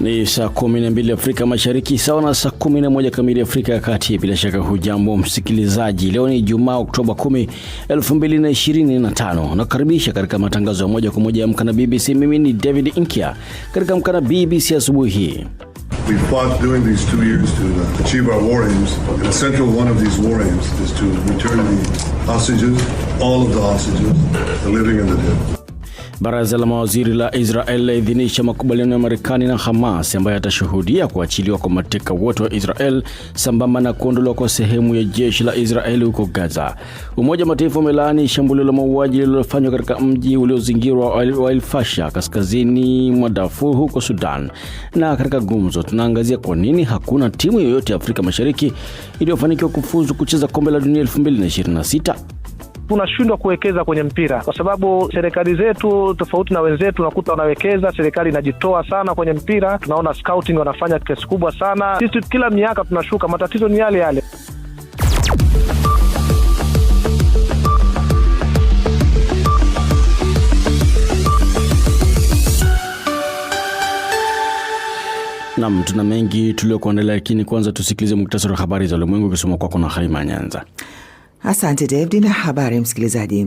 Ni saa 12 Afrika Mashariki, sawa na saa 11 kamili Afrika ya Kati. Bila shaka, hujambo msikilizaji. Leo ni jumaa Oktoba 1225 2025. Nakaribisha katika matangazo ya moja kwa moja ya mkana BBC. Mimi ni David inkya katika mkana BBC asubuhi hii. We fought during these two years to uh, achieve our war aims. And a central one of these war aims is to return the hostages, all of the hostages, the living and the dead. Baraza la mawaziri la Israel laidhinisha makubaliano ya Marekani na Hamas ambayo yatashuhudia kuachiliwa kwa mateka wote wa Israel sambamba na kuondolewa kwa sehemu ya jeshi la israel huko Gaza. Umoja wa Mataifa umelaani shambulio la mauaji lililofanywa katika mji uliozingirwa wa El Fasha kaskazini mwa Darfur huko Sudan. Na katika gumzo, tunaangazia kwa nini hakuna timu yoyote ya Afrika Mashariki iliyofanikiwa kufuzu kucheza kombe la dunia 2026 tunashindwa kuwekeza kwenye mpira, kwa sababu serikali zetu tofauti na wenzetu, unakuta wanawekeza, serikali inajitoa sana kwenye mpira. Tunaona scouting wanafanya kiasi kubwa sana, sisi kila miaka tunashuka, matatizo ni yale yale. Nam, tuna mengi tuliokuandalia, lakini kwanza tusikilize muktasari wa habari za ulimwengu ukisoma kwako na Halima Nyanza. Asante David na habari msikilizaji.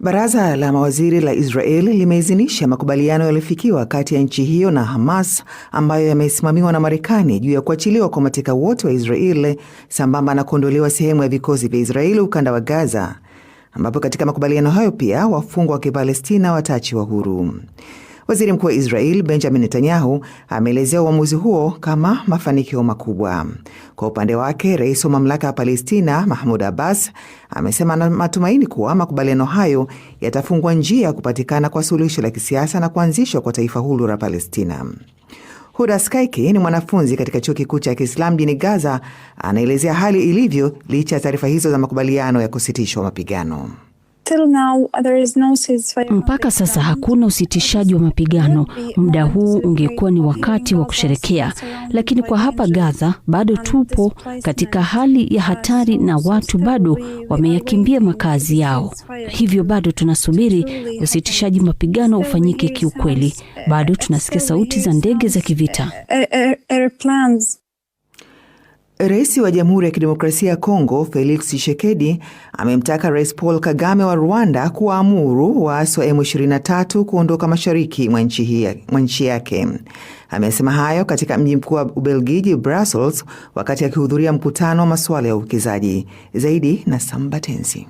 Baraza la mawaziri la Israel limeidhinisha makubaliano yaliyofikiwa kati ya nchi hiyo na Hamas ambayo yamesimamiwa na Marekani juu ya kuachiliwa kwa mateka wote wa Israel sambamba na kuondolewa sehemu ya vikosi vya Israeli ukanda wa Gaza ambapo katika makubaliano hayo pia wafungwa wa Kipalestina wataachiwa huru. Waziri mkuu wa Israel Benjamin Netanyahu ameelezea uamuzi huo kama mafanikio makubwa. Kwa upande wake, rais wa mamlaka ya Palestina Mahmud Abbas amesema na matumaini kuwa makubaliano hayo yatafungua njia ya kupatikana kwa suluhisho la kisiasa na kuanzishwa kwa taifa huru la Palestina. Huda Skaiki ni mwanafunzi katika chuo kikuu cha Kiislamu mjini Gaza, anaelezea hali ilivyo licha ya taarifa hizo za makubaliano ya kusitishwa mapigano. Mpaka sasa hakuna usitishaji wa mapigano. Muda huu ungekuwa ni wakati wa kusherekea, lakini kwa hapa Gaza bado tupo katika hali ya hatari na watu bado wameyakimbia makazi yao, hivyo bado tunasubiri usitishaji mapigano ufanyike. Kiukweli bado tunasikia sauti za ndege za kivita. Rais wa Jamhuri ya Kidemokrasia ya Kongo Felix Tshisekedi amemtaka Rais Paul Kagame wa Rwanda kuwaamuru waasi wa M23 kuondoka mashariki mwa nchi yake. Amesema hayo katika mji mkuu wa Ubelgiji Brussels, wakati akihudhuria mkutano wa masuala ya uwekezaji. Zaidi na Sambatenzi.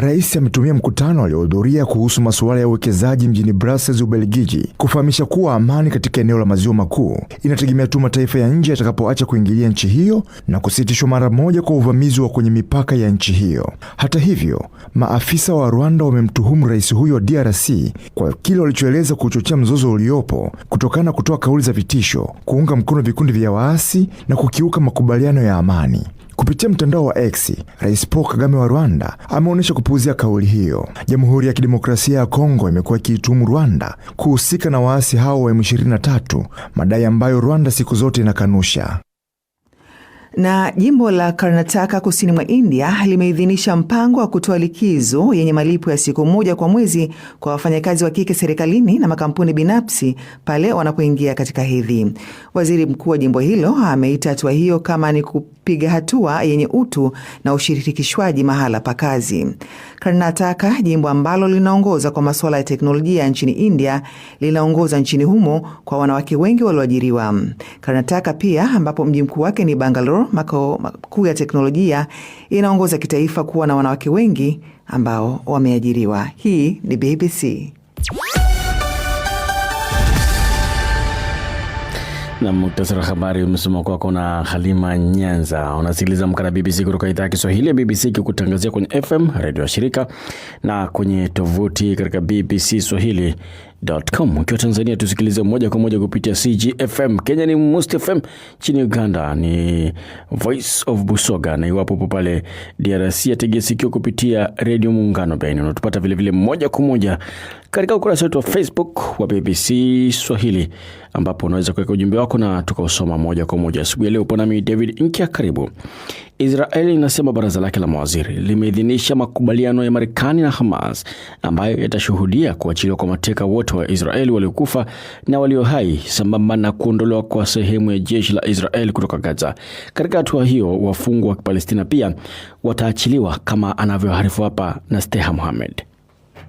Rais ametumia mkutano aliohudhuria kuhusu masuala ya uwekezaji mjini Brussels, Ubelgiji, kufahamisha kuwa amani katika eneo la maziwa makuu inategemea tu mataifa ya nje yatakapoacha kuingilia nchi hiyo na kusitishwa mara moja kwa uvamizi wa kwenye mipaka ya nchi hiyo. Hata hivyo, maafisa wa Rwanda wamemtuhumu rais huyo wa DRC kwa kile walichoeleza kuchochea mzozo uliopo kutokana na kutoa kauli za vitisho, kuunga mkono vikundi vya waasi na kukiuka makubaliano ya amani. Kupitia mtandao wa X, Rais Paul Kagame wa Rwanda ameonyesha kupuuzia kauli hiyo. Jamhuri ya Kidemokrasia ya Kongo imekuwa ikiituhumu Rwanda kuhusika na waasi hao wa M23, madai ambayo Rwanda siku zote inakanusha. Na jimbo la Karnataka kusini mwa India limeidhinisha mpango wa kutoa likizo yenye malipo ya siku moja kwa mwezi kwa wafanyakazi wa kike serikalini na makampuni binafsi pale wanapoingia katika hedhi. Waziri mkuu wa jimbo hilo ameita hatua hiyo kama ni kupiga hatua yenye utu na ushirikishwaji mahala pa kazi. Karnataka, jimbo ambalo linaongoza kwa masuala ya teknolojia nchini India, linaongoza nchini humo kwa wanawake wengi walioajiriwa. Karnataka pia ambapo mji mkuu wake ni Bangalore Singapore, makao makuu ya teknolojia, inaongoza kitaifa kuwa na wanawake wengi ambao wameajiriwa. Hii ni BBC. na muktasari wa habari umesoma kwako na Halima Nyanza. Unasikiliza mkana BBC kutoka idhaa ya Kiswahili ya BBC ikikutangazia kwenye FM redio ya shirika na kwenye tovuti katika BBC Swahili Com. Ukiwa Tanzania tusikilize moja kwa moja kupitia CGFM. Kenya ni Must FM, chini Uganda ni Voice of Busoga, na iwapo upo pale DRC ategea sikio kupitia Radio Muungano. Baini unatupata vilevile moja kwa moja katika ukurasa wetu wa Facebook wa BBC Swahili, ambapo unaweza kuweka ujumbe wako na tukausoma moja kwa moja asubuhi ya leo. Upo nami David Nkia, karibu. Israeli inasema baraza lake la mawaziri limeidhinisha makubaliano ya Marekani na Hamas ambayo yatashuhudia kuachiliwa kwa mateka wote watu wa Israeli waliokufa na walio hai sambamba na kuondolewa kwa sehemu ya jeshi la Israeli kutoka Gaza. Katika hatua hiyo, wafungwa wa Palestina pia wataachiliwa kama anavyoharifu hapa na Steha Mohamed.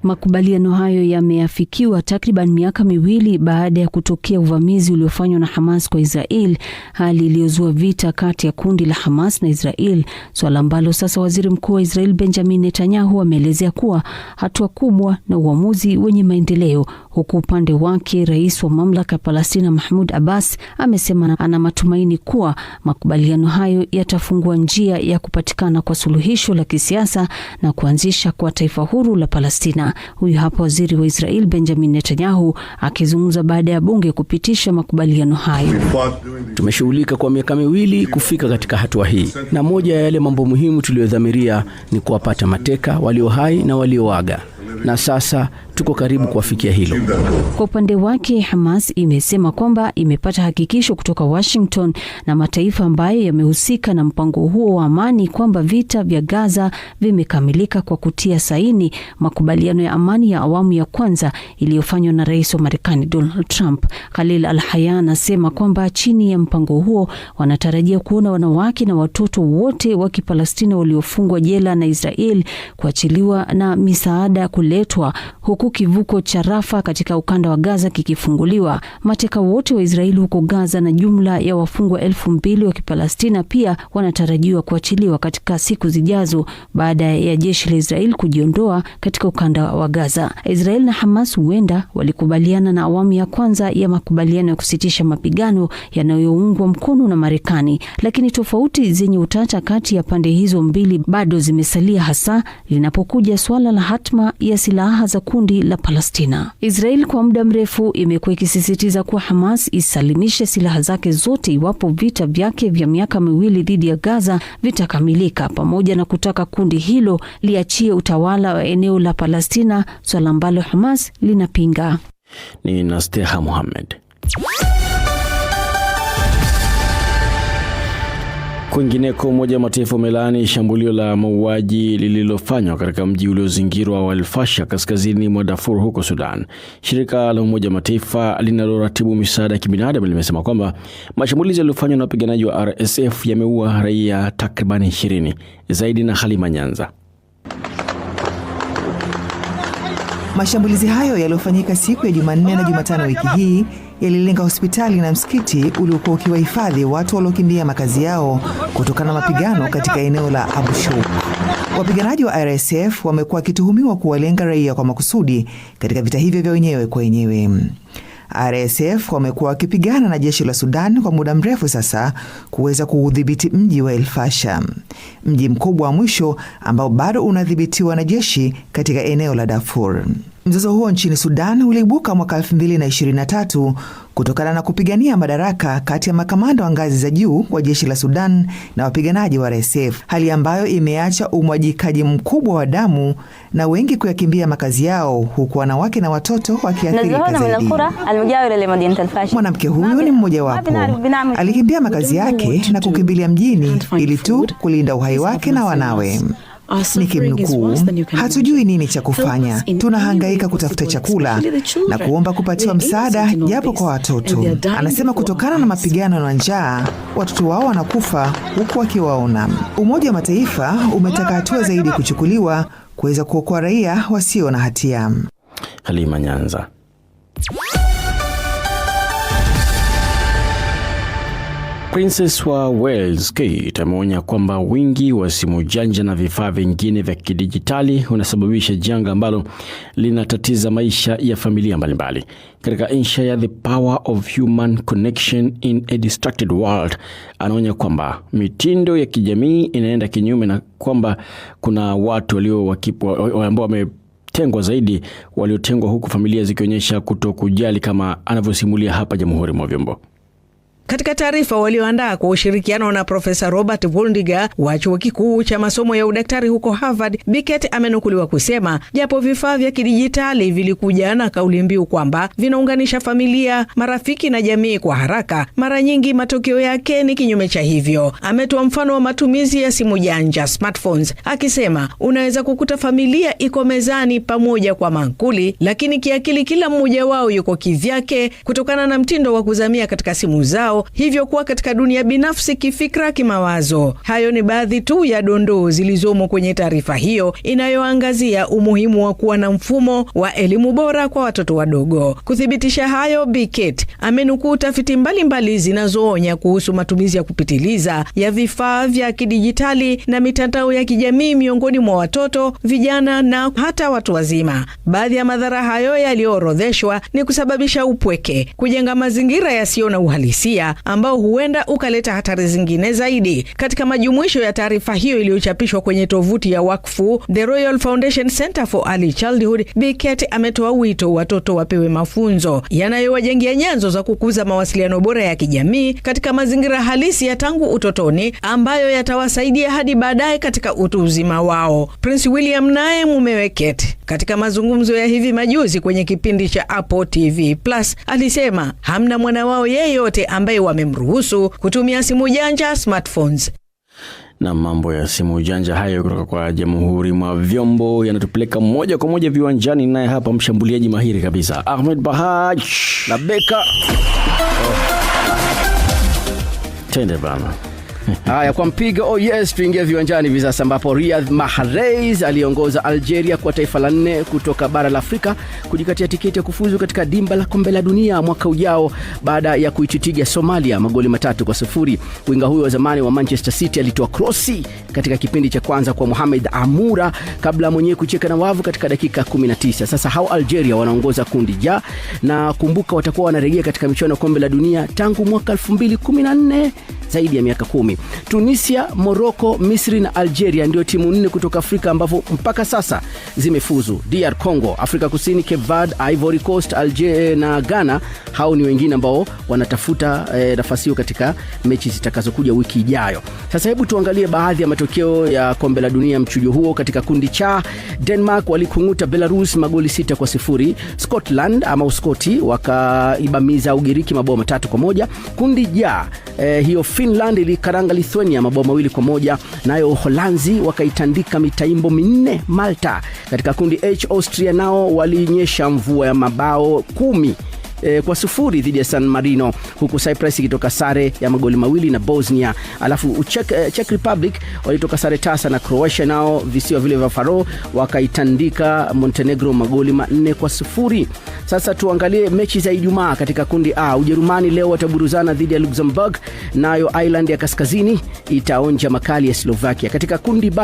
Makubaliano hayo yameafikiwa takriban miaka miwili baada ya kutokea uvamizi uliofanywa na Hamas kwa Israel, hali iliyozua vita kati ya kundi la Hamas na Israel, swala ambalo sasa waziri mkuu wa Israel Benjamin Netanyahu ameelezea kuwa hatua kubwa na uamuzi wenye maendeleo, huku upande wake rais wa mamlaka ya Palestina Mahmud Abbas amesema ana matumaini kuwa makubaliano hayo yatafungua njia ya kupatikana kwa suluhisho la kisiasa na kuanzisha kwa taifa huru la Palestina. Huyu hapo waziri wa Israel Benjamin Netanyahu akizungumza baada ya bunge kupitisha makubaliano hayo. Tumeshughulika kwa miaka miwili kufika katika hatua hii, na moja ya yale mambo muhimu tuliyodhamiria ni kuwapata mateka walio hai na walioaga, na sasa tuko karibu kuwafikia hilo. Kwa upande wake, Hamas imesema kwamba imepata hakikisho kutoka Washington na mataifa ambayo yamehusika na mpango huo wa amani kwamba vita vya Gaza vimekamilika kwa kutia saini makubaliano ya amani ya awamu ya kwanza iliyofanywa na rais wa Marekani Donald Trump. Khalil Al-Haya anasema kwamba chini ya mpango huo wanatarajia kuona wanawake na watoto wote wa Kipalestina waliofungwa jela na Israel kuachiliwa na misaada kuletwa huku kivuko cha Rafa katika ukanda wa Gaza kikifunguliwa, mateka wote wa Israeli huko Gaza na jumla ya wafungwa elfu mbili wa Kipalestina pia wanatarajiwa kuachiliwa katika siku zijazo baada ya jeshi la Israeli kujiondoa katika ukanda wa Gaza. Israeli na Hamas huenda walikubaliana na awamu ya kwanza ya makubaliano ya kusitisha mapigano yanayoungwa mkono na Marekani, lakini tofauti zenye utata kati ya pande hizo mbili bado zimesalia, hasa linapokuja swala la hatma ya silaha za kundi kundi la Palestina. Israel kwa muda mrefu imekuwa ikisisitiza kuwa Hamas isalimishe silaha zake zote iwapo vita vyake vya miaka miwili dhidi ya Gaza vitakamilika, pamoja na kutaka kundi hilo liachie utawala wa eneo la Palestina, swala ambalo Hamas linapinga. Ni Nasteha Muhammad. Kwingineko, Umoja wa Mataifa umelaani shambulio la mauaji lililofanywa katika mji uliozingirwa wa alfasha kaskazini mwa Darfur huko Sudan. Shirika la Umoja wa Mataifa linaloratibu misaada ya kibinadamu limesema kwamba mashambulizi yaliyofanywa na wapiganaji wa RSF yameua raia takriban 20 zaidi. Na Halima Nyanza. Mashambulizi hayo yaliyofanyika siku ya Jumanne na Jumatano wiki hii yalilenga hospitali na msikiti uliokuwa ukiwahifadhi watu waliokimbia makazi yao kutokana na mapigano katika eneo la Abu Shouk. Wapiganaji wa RSF wamekuwa wakituhumiwa kuwalenga raia kwa makusudi katika vita hivyo vya wenyewe kwa wenyewe. RSF wamekuwa wakipigana na jeshi la Sudan kwa muda mrefu sasa kuweza kuudhibiti mji wa elfasha mji mkubwa wa mwisho ambao bado unadhibitiwa na jeshi katika eneo la Darfur. Mzozo huo nchini Sudan uliibuka mwaka 2023 kutokana na kupigania madaraka kati ya makamanda wa ngazi za juu wa jeshi la Sudan na wapiganaji wa RSF, hali ambayo imeacha umwajikaji mkubwa wa damu na wengi kuyakimbia makazi yao, huku wanawake na watoto wakiathirika zaidi. Mwanamke huyu ni mmojawapo, alikimbia makazi yake na kukimbilia mjini ili tu kulinda uhai wake na wanawe. Nikimnukuu, hatujui nini cha kufanya, tunahangaika kutafuta chakula na kuomba kupatiwa msaada japo kwa watoto. Anasema kutokana na mapigano na njaa watoto wao wanakufa huku wakiwaona. Umoja wa Mataifa umetaka hatua zaidi kuchukuliwa kuweza kuokoa raia wasio na hatia. Halima Nyanza. Princess wa Wales Kate ameonya kwamba wingi wa simu janja na vifaa vingine vya kidijitali unasababisha janga ambalo linatatiza maisha ya familia mbalimbali. Katika insha ya The Power of Human Connection in a Distracted World, anaonya kwamba mitindo ya kijamii inaenda kinyume na kwamba kuna watu walio ambao wame tengwa zaidi waliotengwa huku familia zikionyesha kutokujali, kama anavyosimulia hapa Jamhuri mwa Vyombo. Katika taarifa walioandaa kwa ushirikiano na Profesa Robert Voldiger wa chuo kikuu cha masomo ya udaktari huko Harvard, biket amenukuliwa kusema japo vifaa vya kidijitali vilikuja na kauli mbiu kwamba vinaunganisha familia, marafiki na jamii kwa haraka, mara nyingi matokeo yake ni kinyume cha hivyo. Ametoa mfano wa matumizi ya simu janja smartphones, akisema unaweza kukuta familia iko mezani pamoja kwa mankuli, lakini kiakili kila mmoja wao yuko kivyake kutokana na mtindo wa kuzamia katika simu zao hivyo kuwa katika dunia binafsi kifikra, kimawazo. Hayo ni baadhi tu ya dondoo zilizomo kwenye taarifa hiyo inayoangazia umuhimu wa kuwa na mfumo wa elimu bora kwa watoto wadogo. Kuthibitisha hayo, Biket amenukuu tafiti mbalimbali zinazoonya kuhusu matumizi ya kupitiliza ya vifaa vya kidijitali na mitandao ya kijamii miongoni mwa watoto, vijana na hata watu wazima. Baadhi ya madhara hayo yaliyoorodheshwa ni kusababisha upweke, kujenga mazingira yasiyo na uhalisia ambao huenda ukaleta hatari zingine zaidi. Katika majumuisho ya taarifa hiyo iliyochapishwa kwenye tovuti ya wakfu The Royal Foundation Center for Early Childhood, Biket ametoa wito watoto wapewe mafunzo yanayowajengia nyanzo za kukuza mawasiliano bora ya kijamii katika mazingira halisi ya tangu utotoni ambayo yatawasaidia hadi baadaye katika utu uzima wao. Prince William naye mumewe Kate katika mazungumzo ya hivi majuzi kwenye kipindi cha Apple TV Plus alisema hamna mwana wao yeyote ambaye ambaye wamemruhusu kutumia simu janja smartphones na mambo ya simu janja hayo kutoka kwa jamhuri mwa vyombo yanatupeleka moja kwa moja viwanjani, naye hapa mshambuliaji mahiri kabisa Ahmed Bahaj na Beka oh. Tende bana. Haya, kwa mpigo oh yes, tuingia viwanjani hivi sasa, ambapo riadh Mahrez aliongoza Algeria kwa taifa la nne kutoka bara la Afrika kujikatia tiketi ya kufuzu katika dimba la kombe la dunia mwaka ujao baada ya kuichitiga Somalia magoli matatu kwa sufuri Winga huyo wa zamani wa Manchester City alitoa krosi katika kipindi cha kwanza kwa muhamed amura kabla mwenyewe kucheka na wavu katika dakika 19. Sasa hao Algeria wanaongoza kundi ja, na kumbuka watakuwa wanarejea katika michuano ya kombe la dunia tangu mwaka 214 zaidi ya miaka kumi. Tunisia, Moroko, Misri na Algeria ndio timu nne kutoka Afrika ambavyo mpaka sasa zimefuzu. DR Congo, Afrika Kusini, Cape Verde, Ivory Coast, Algeria eh, na Ghana, hao ni wengine ambao wanatafuta eh, nafasi hiyo katika mechi zitakazokuja wiki ijayo. Sasa hebu tuangalie baadhi ya matokeo ya kombe la dunia mchujo huo. Katika kundi cha Denmark walikung'uta Belarus magoli sita kwa sifuri. Scotland ama Uskoti wakaibamiza Ugiriki mabao matatu kwa moja. Kundi ja eh, hiyo Finland ilikaranga Lithuania mabao mawili kwa moja, nayo Uholanzi wakaitandika mitaimbo minne Malta. Katika kundi H, Austria nao walinyesha mvua ya mabao kumi eh, kwa sufuri dhidi ya San Marino, huku Cyprus ikitoka sare ya magoli mawili na Bosnia. Alafu Czech, eh, Czech Republic walitoka sare tasa na Croatia, nao visiwa vile vya faro wakaitandika Montenegro magoli manne kwa sufuri. Sasa tuangalie mechi za Ijumaa katika kundi A. Ujerumani leo wataburuzana dhidi ya Luxembourg, nayo Ireland ya Kaskazini itaonja makali ya Slovakia. Katika kundi B,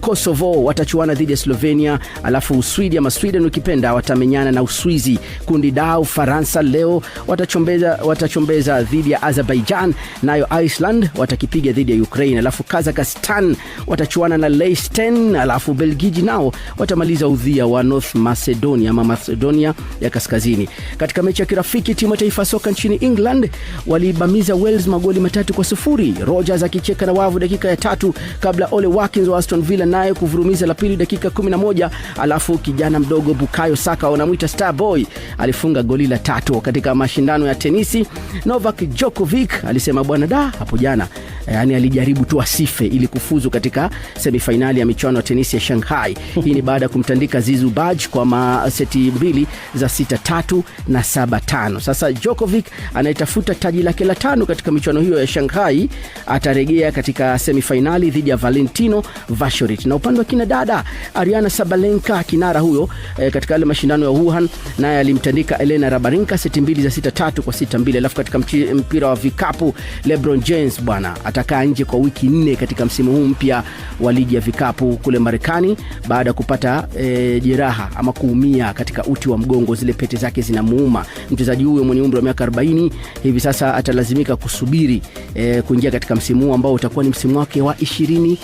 Kosovo watachuana dhidi ya Slovenia, alafu Uswidi ama Sweden ukipenda watamenyana na Uswizi. Kundi D, Ufaransa Ufaransa leo watachombeza, watachombeza dhidi ya Azerbaijan, nayo Iceland watakipiga dhidi ya Ukraine, alafu Kazakhstan watachuana na Liechtenstein, alafu Belgiji nao watamaliza udhia wa North Macedonia ama Macedonia ya Kaskazini. Katika mechi ya kirafiki timu ya taifa soka nchini England walibamiza Wales magoli matatu kwa sufuri, Rogers akicheka na wavu dakika ya tatu kabla Ole Watkins wa Aston Villa naye kuvurumiza la pili dakika 11, alafu kijana mdogo Bukayo Saka wanamwita starboy alifunga goli la tatu tatu katika mashindano ya tenisi. Novak Djokovic alisema bwana da hapo jana, yani alijaribu tu asife ili kufuzu katika semifainali ya michuano ya tenisi ya Shanghai. Hii ni baada ya kumtandika Zizu Baj kwa maseti mbili za sita tatu na saba tano. Sasa Djokovic anayetafuta taji lake la tano katika michuano hiyo ya Shanghai atarejea katika semifainali dhidi ya Valentino Vashorit. Na upande wa kina dada, Ariana Sabalenka kinara huyo eh, katika yale mashindano ya Wuhan naye alimtandika Elena Rabarinka seti mbili za sita tatu kwa sita mbili. Alafu katika mpira wa vikapu LeBron James bwana atakaa nje kwa wiki nne katika msimu huu mpya wa ligi ya vikapu kule Marekani baada ya kupata e, jeraha ama kuumia katika uti wa mgongo, zile pete zake zinamuuma. Mchezaji huyo mwenye umri wa miaka 40 hivi sasa atalazimika kusubiri e, kuingia katika msimu huu ambao utakuwa ni msimu wake wa 23.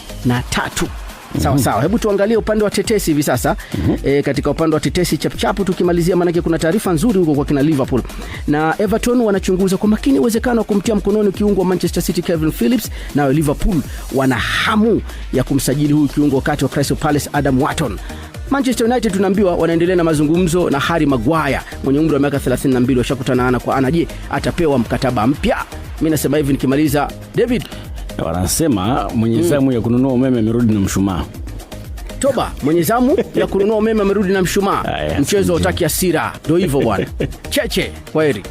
Sawa sawa, hebu tuangalie upande wa tetesi hivi sasa. E, katika upande wa tetesi chapchapu tukimalizia, maanake kuna taarifa nzuri huko kwa kina Liverpool na Everton wanachunguza kwa makini uwezekano wa kumtia mkononi kiungo wa Manchester City Kevin Phillips, nayo Liverpool wana hamu ya kumsajili huyu kiungo wakati wa Crystal Palace Adam watton Manchester United tunaambiwa wanaendelea na mazungumzo na Harry Maguire mwenye umri wa miaka 32, washakutana ana kwa ana. Je, atapewa mkataba mpya? Mimi nasema hivi nikimaliza, David wanasema mwenye zamu ya kununua umeme amerudi na mshumaa. Toba mwenye zamu ya kununua umeme amerudi na mshumaa. Mchezo taki asira ndo hivyo bwana. Cheche, kwaheri.